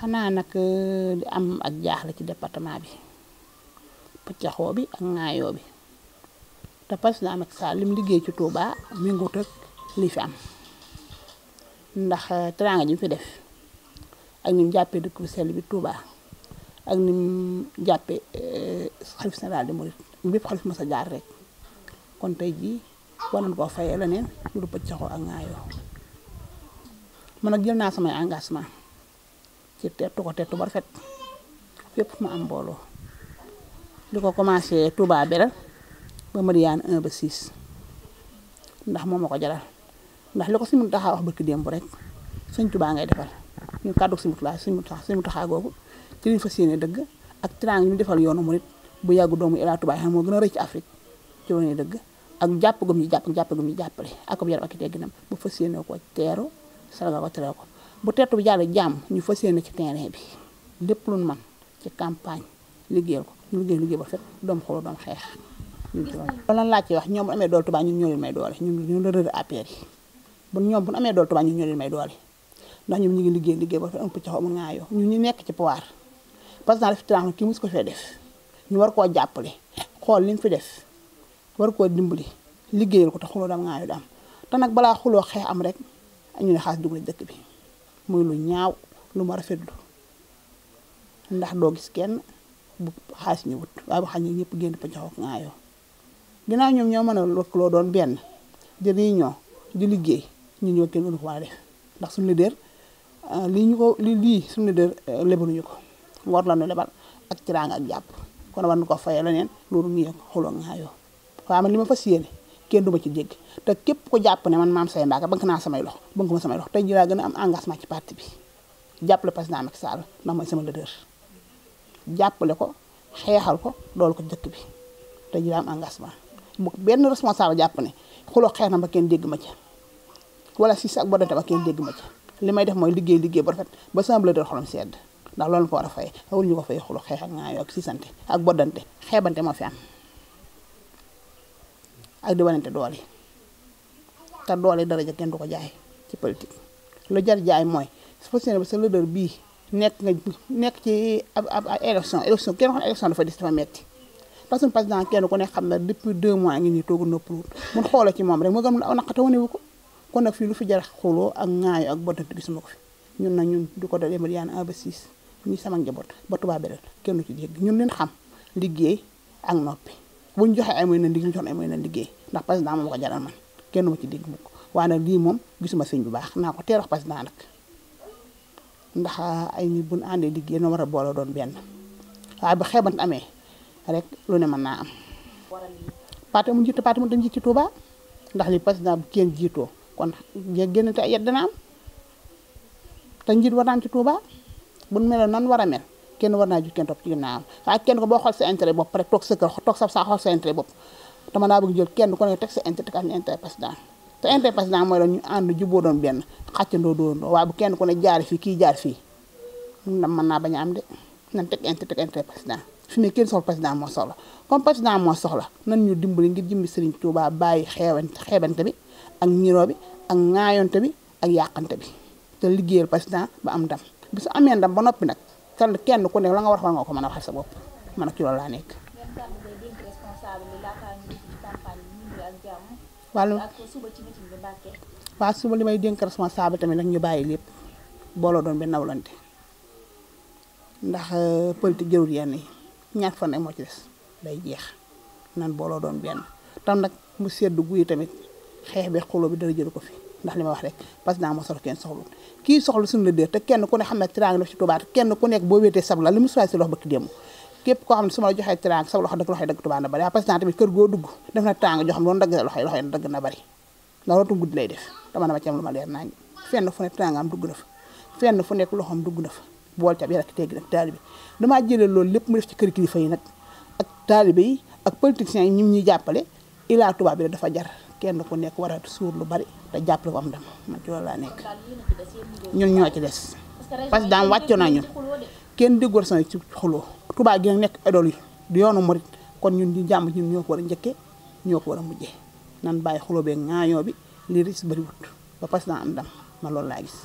xanaa nag euh, di am ak jaaxle ci département bi pëccaxoo bi ak ŋaayoo bi te président Macky Sall lim liggéey ci Touba méngoot ak li fi am ndax euh, teraanga ji mu fi def ak ni mu jàppee dëkk bu sell bi Touba ak ni mu jàppee euh, xalif général de bépp xalif mas a jaar rek kon tey ji war nañu koo fayee leneen lu du pëccaxoo ak ŋaayoo man nag jël naa samay engagement. ci tertu ko tu ba rafet fépp mu am mbooloo li ko commencé Touba Belel ba Madiyana 1 ba 6 ndax moom ma ko jaral ndax li ko si mun taxaa wax ba bëkk démb rek sëñ Touba ngay defal ñu kàddu si mu Touba mu tax si mu taxaa googu ci liñ fas yéene dëgg ak trang ñu defal yoonu murit bu yàggu doomu Ila Touba xam moo ci Afrique ci woon dëgg ak jàpp gum ñu jàpp jàpp gum ñu jàppale ak yaram ak tegginam bu fas yéene ko teeru sargal ko teral ko bu teetu bi jàll jàmm ñu fas yéene ci terrain bi dépp lu man ci campagne liggéeyal ko ñu liggéey liggéey ba fekk doom xooloo doom xeex. loolu lan laa ci wax ñoom bu amee doole Touba ñun ñoo may doole ñun ñun la rëdd APR yi bu ñoom bu ñoo may doole ndax ñoom ñu ngi liggéey liggéey ba fekk ëmp ca xaw ma ñu nekk ci pouvoir parce que dafa ki kii mos ko fee def ñu war koo jàppale xool li mu fi def war koo dimbali liggéeyal ko te xuloo dam ngaa yoo daam te nag balaa xuloo xeex am rek ñu ne xaas dugg dëkk bi muy lu ñaaw lu ma rafetlu ndax doo gis kenn bu xaalis ñu wut waaye bu xaalis ñu ñëpp génn pëcc ak ngaayoo ginnaaw ñoom ñoo mën a lëkkaloo doon benn di réunion di liggéey ñu ñoo kenn mënu ko waa def ndax suñu leader ah, lii ñu ko li lii suñu leader eh, lebaluñu ko ngor la ñu lebal ak ci ak jàpp kon war na ko fayal leneen loolu ñu xuloo ngaayoo waaye man li ma fas yéene kenn du ma ci jégg te képp ko jàpp ne man maam say Mbacké bank naa samay lox bank ma samay loxo tey jii laa gën a am engagement ci parti bi jàppale président Macky Sall ndax mooy sama leader jàppale ko xeexal ko doolu ko dëkk bi tey jii engagement bu benn responsable jàpp ne xuloo xeex na ba kenn dégg ma ca wala si sax bodante ba kenn dégg ma li may def mooy liggéey liggéey ba rafet ba sama leader sedd ndax loolu ko war a fay awul ñu ko fay xuloo xeex ak ŋaayoo ak si sante ak bodante xeebante moo fi am ak di wanante doole te doole daraja kenn du ko jaay ci politique lu jar jaay mooy su fekkee ne sa leader bii nekk nga nekk ci ab ab élection élection kenn xam élection dafa parce que président kenn ku nekk xam na depuis deux mois ngi nii toogu noppalu mun xoola ci moom rek moo gëm la naqata wane wu ko kon nag fii lu fi jar xuloo ak ŋaayo ak bottante gisuma ko fi ñun na ñun du ko dalee ba yaan un ba six ñuy sama njaboot ba tubaab bi kenn du ci dégg ñun leen xam liggéey ak noppi. bu ñu joxee ay moy na liggéey moy nañ liggéey ndax président moom ko jaral man kenn ma ci digg mukk waaye nag lii moom gisuma sëñ bu baax naa ko teel wax président ay bu àndee liggéey na war a boole doon benn waaye bu xeebant amee rek lu ne mën naa am parti mu jiitu parti mu dem ci Touba ndax li président bu kenn jiitoo kon génn te ay yet dana am te njiit war naa ci tuuba bu nu nan war a mel kenn war naa jug kenn topp ci ginnaawam waaye kenn ko boo xool sa intérêt bopp rek toog sa kër toog sa sa xool sa intérêt bopp dama naa bëgg kenn ku nekk teg sa intérêt am intérêt président te intérêt président mooy doon ñu ànd juboo doon benn xàccandoo dóorandoo waaye bu kenn ku ne jaar fii kii jaar fii ndam mën naa bañ a am de nan teg intérêt teg intérêt président fi ne kenn soxla président moo soxla comme moo soxla nan ñu dimbali ngir jëmmi Serigne Touba bàyyi xeewante xeebante bi ak ñiroo bi ak ŋaayonte bi ak yàqante bi te liggéeyal président ba am ndam bi su amee ndam ba noppi nag kenn kenn ku ne la nga war a nga ko mën a waxee sa bopp man a ci loolu laa nekk. wàllu waaw suba li may dénk responsable tamit nag ñu bàyyi lépp booloo doon benn nawlante ndax euh, politique jërul yenn yi ñaar fan rek moo ci des day jeex nan booloo doon benn tam nag mu sedd guy tamit xeex bi xuloo bi dara jëru ko fi. ndax li ma wax rek président moo soxla kenn soxlu kii soxlu ne te kenn ku nekk boo wéetee sab la ma la joxee tiraang sab loxo dëgg loxoy dëgg Touba na bari waaye président tamit kër nekk loxoom dugg na fa bool ca bi rek teggi nag taalibe damaa jëlee loolu lépp mu def ci kër kilifa yi nag ak taalibe yi ak politiciens yi ñim ñuy jàppale ilaa Touba bi dafa jar kenn ku nekk war a suur lu bari te jàppale ko am dama ma ci loolu laa nekk ñun ñoo ci des parce que daam wàccu naa ñun kenn déggoo sama ci xuloo tubaab gi nekk idole yi di yoonu murit kon ñun di jàmm ñun ñoo ko war a njëkkee ñoo ko war a mujjee nan bàyyi xuloo bee ŋaañoo bi lii ris bariwut ba président am dam ma loolu laa gis